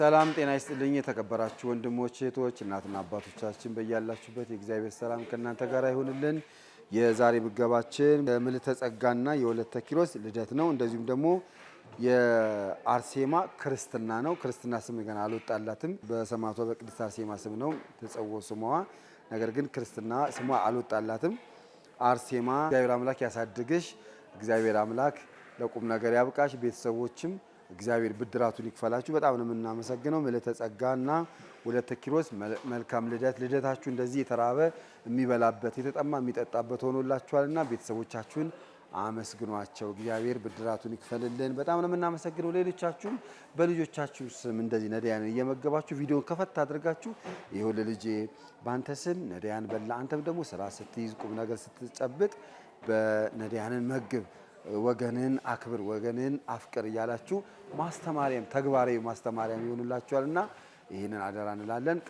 ሰላም ጤና ይስጥልኝ። የተከበራችሁ ወንድሞች እህቶች፣ እናትና አባቶቻችን በያላችሁበት የእግዚአብሔር ሰላም ከእናንተ ጋር ይሁንልን። የዛሬ ምገባችን ምልዕተ ጸጋና የወለተ ኪሮስ ልደት ነው። እንደዚሁም ደግሞ የአርሴማ ክርስትና ነው። ክርስትና ስም ገና አልወጣላትም። በሰማዕቷ በቅድስት አርሴማ ስም ነው ተጸውዖ ስሟ። ነገር ግን ክርስትና ስሟ አልወጣላትም። አርሴማ እግዚአብሔር አምላክ ያሳድግሽ። እግዚአብሔር አምላክ ለቁም ነገር ያብቃሽ። ቤተሰቦችም እግዚአብሔር ብድራቱን ይክፈላችሁ። በጣም ነው የምናመሰግነው። ምልዕተ ጸጋና ወለተ ኪሮስ መልካም ልደት። ልደታችሁ እንደዚህ የተራበ የሚበላበት የተጠማ የሚጠጣበት ሆኖላችኋልና ቤተሰቦቻችሁን አመስግኗቸው። እግዚአብሔር ብድራቱን ይክፈልልን። በጣም ነው የምናመሰግነው። ሌሎቻችሁም በልጆቻችሁ ስም እንደዚህ ነዳያን እየመገባችሁ ቪዲዮን ከፈት አድርጋችሁ ይኸው ለልጄ በአንተ ስም ነዳያን በላ፣ አንተም ደግሞ ስራ ስትይዝ ቁም ነገር ስትጨብጥ በነዳያንን መግብ ወገንን አክብር፣ ወገንን አፍቅር እያላችሁ ማስተማሪያም ተግባራዊ ማስተማሪያም ይሆንላችኋል እና ይህንን አደራ እንላለን።